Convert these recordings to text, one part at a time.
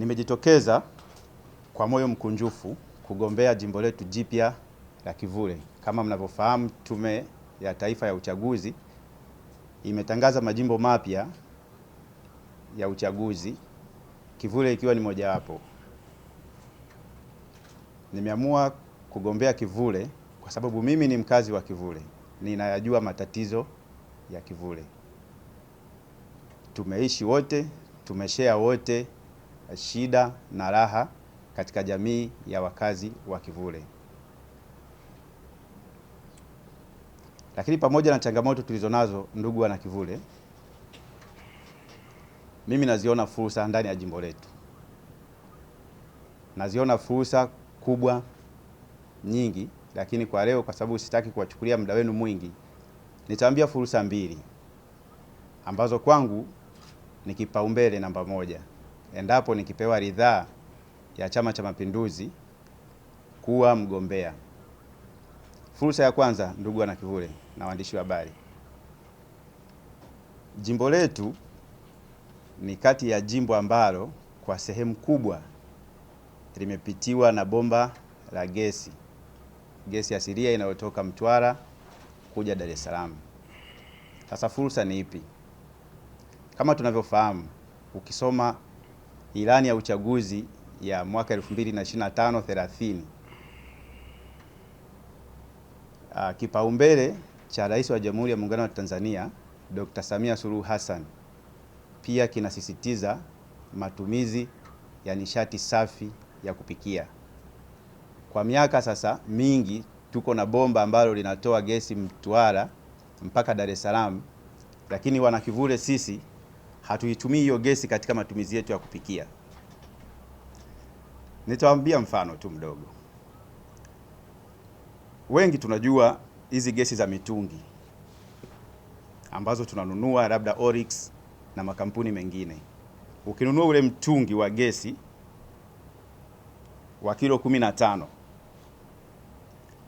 Nimejitokeza kwa moyo mkunjufu kugombea jimbo letu jipya la Kivule. Kama mnavyofahamu, Tume ya Taifa ya Uchaguzi imetangaza majimbo mapya ya uchaguzi, Kivule ikiwa ni mojawapo. Nimeamua kugombea Kivule kwa sababu mimi ni mkazi wa Kivule, ninayajua matatizo ya Kivule. Tumeishi wote, tumeshea wote shida na raha katika jamii ya wakazi wa Kivule. Lakini pamoja na changamoto tulizonazo, ndugu wana Kivule, mimi naziona fursa ndani ya jimbo letu, naziona fursa kubwa nyingi, lakini kwa leo, kwa sababu sitaki kuwachukulia muda wenu mwingi, nitaambia fursa mbili ambazo kwangu ni kipaumbele namba moja endapo nikipewa ridhaa ya Chama cha Mapinduzi kuwa mgombea. Fursa ya kwanza, ndugu Wanakivule na waandishi wa habari, jimbo letu ni kati ya jimbo ambalo kwa sehemu kubwa limepitiwa na bomba la gesi, gesi asilia inayotoka Mtwara kuja Dar es Salaam. Sasa fursa ni ipi? Kama tunavyofahamu ukisoma ilani ya uchaguzi ya mwaka 2025 30 ah, kipaumbele cha Rais wa Jamhuri ya Muungano wa Tanzania Dr. Samia Suluhu Hassan pia kinasisitiza matumizi ya nishati safi ya kupikia. Kwa miaka sasa mingi tuko na bomba ambalo linatoa gesi Mtwara mpaka Dar es Salaam, lakini Wanakivule sisi hatuitumii hiyo gesi katika matumizi yetu ya kupikia. Nitawaambia mfano tu mdogo. Wengi tunajua hizi gesi za mitungi ambazo tunanunua labda Oryx na makampuni mengine. Ukinunua ule mtungi wa gesi wa kilo 15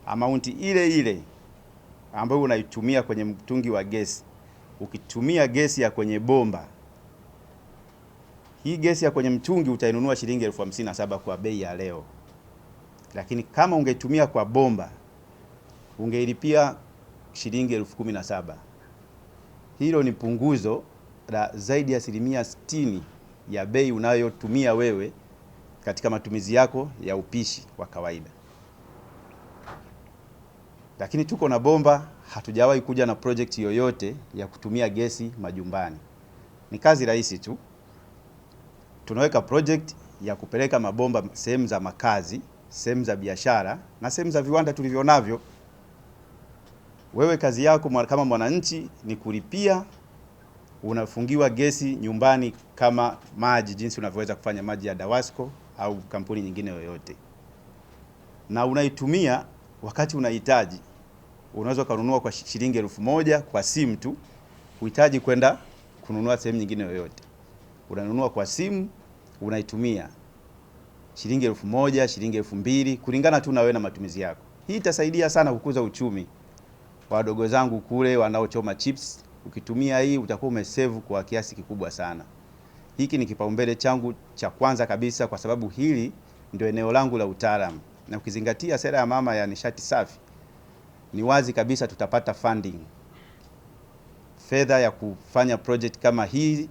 amaunti ile ile ambayo unaitumia kwenye mtungi wa gesi, ukitumia gesi ya kwenye bomba hii gesi ya kwenye mtungi utainunua shilingi elfu hamsini na saba kwa bei ya leo, lakini kama ungetumia kwa bomba ungeilipia shilingi elfu kumi na saba. Hilo ni punguzo la zaidi ya asilimia sitini ya bei unayotumia wewe katika matumizi yako ya upishi wa kawaida. Lakini tuko na bomba, hatujawahi kuja na project yoyote ya kutumia gesi majumbani. Ni kazi rahisi tu tunaweka project ya kupeleka mabomba sehemu za makazi, sehemu za biashara na sehemu za viwanda tulivyonavyo. Wewe kazi yako kama mwananchi ni kulipia, unafungiwa gesi nyumbani kama maji, jinsi unavyoweza kufanya maji ya Dawasco au kampuni nyingine yoyote, na unaitumia wakati unahitaji. Unaweza ukanunua kwa shilingi elfu moja kwa simu tu, uhitaji kwenda kununua sehemu nyingine yoyote unanunua kwa simu unaitumia shilingi elfu moja shilingi elfu mbili kulingana tu na wewe na matumizi yako. Hii itasaidia sana kukuza uchumi kwa wadogo zangu kule wanaochoma chips. Ukitumia hii utakuwa umesave kwa kiasi kikubwa sana. Hiki ni kipaumbele changu cha kwanza kabisa, kwa sababu hili ndio eneo langu la utaalamu, na ukizingatia sera ya mama ya nishati safi, ni wazi kabisa tutapata funding fedha ya kufanya project kama hii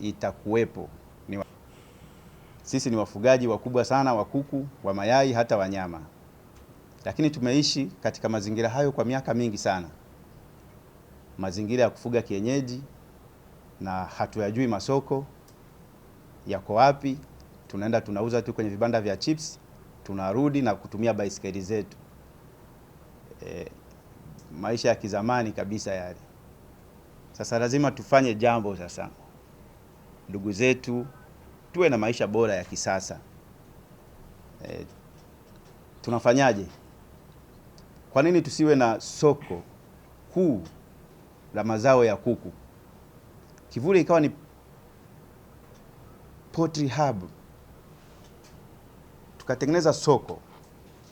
itakuwepo. Sisi ni wafugaji wakubwa sana wa kuku, wa mayai, hata wanyama, lakini tumeishi katika mazingira hayo kwa miaka mingi sana, mazingira ya kufuga kienyeji, na hatuyajui masoko yako wapi. Tunaenda tunauza tu kwenye vibanda vya chips, tunarudi na kutumia baisikeli zetu. E, maisha ya kizamani kabisa yale. Sasa lazima tufanye jambo sasa ndugu zetu tuwe na maisha bora ya kisasa. E, tunafanyaje? Kwa nini tusiwe na soko kuu la mazao ya kuku, Kivule ikawa ni poultry hub, tukatengeneza soko,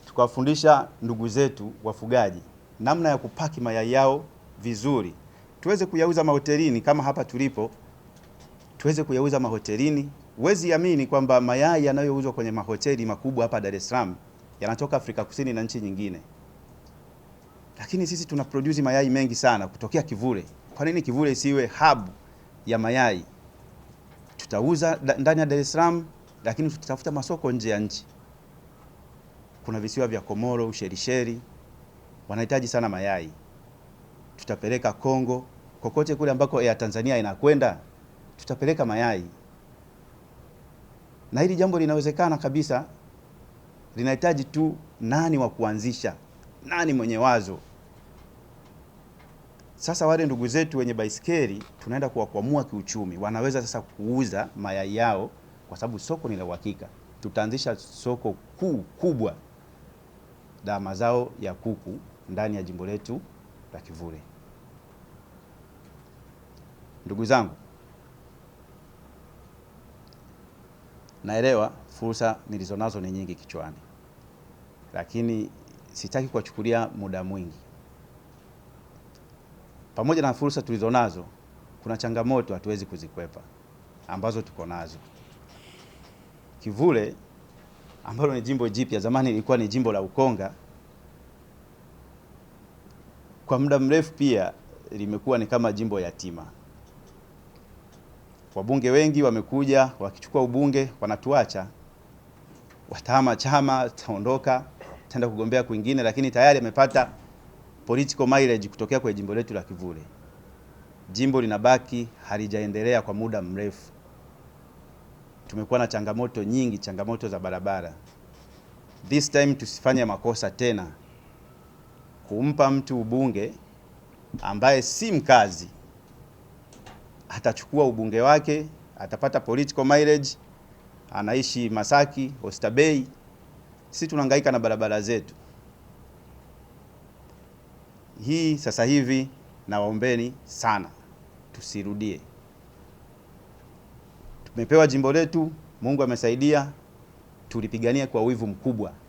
tukawafundisha ndugu zetu wafugaji namna ya kupaki mayai yao vizuri, tuweze kuyauza mahotelini kama hapa tulipo tuweze kuyauza mahotelini. Huwezi amini kwamba mayai yanayouzwa kwenye mahoteli makubwa hapa Dar es Salaam yanatoka Afrika Kusini na nchi nyingine, lakini sisi tuna produce mayai mengi sana kutokea Kivule. Kwa nini Kivule isiwe hub ya mayai? Tutauza ndani ya Dar es Salaam, lakini tutafuta masoko nje ya nchi. Kuna visiwa vya Komoro, Ushelisheli wanahitaji sana mayai, tutapeleka Kongo, kokote kule ambako Air Tanzania inakwenda tutapeleka mayai, na hili jambo linawezekana kabisa, linahitaji tu nani wa kuanzisha, nani mwenye wazo. Sasa wale ndugu zetu wenye baisikeli tunaenda kuwakwamua kiuchumi, wanaweza sasa kuuza mayai yao kwa sababu soko ni la uhakika. Tutaanzisha soko kuu kubwa la mazao ya kuku ndani ya jimbo letu la Kivule. Ndugu zangu naelewa fursa nilizonazo ni nyingi kichwani, lakini sitaki kuwachukulia muda mwingi. Pamoja na fursa tulizonazo, kuna changamoto hatuwezi kuzikwepa ambazo tuko nazo. Kivule ambalo ni jimbo jipya, zamani ilikuwa ni jimbo la Ukonga, kwa muda mrefu pia limekuwa ni kama jimbo yatima. Wabunge wengi wamekuja wakichukua ubunge wanatuacha, watahama chama, taondoka taenda kugombea kwingine, lakini tayari amepata political mileage kutokea kwenye jimbo letu la Kivule. Jimbo linabaki halijaendelea kwa muda mrefu. Tumekuwa na changamoto nyingi, changamoto za barabara. This time tusifanye makosa tena kumpa mtu ubunge ambaye si mkazi atachukua ubunge wake, atapata political mileage, anaishi Masaki, Bay. Sisi tunahangaika na barabara zetu hii sasa hivi, na waombeni sana tusirudie. Tumepewa jimbo letu, Mungu amesaidia, tulipigania kwa wivu mkubwa.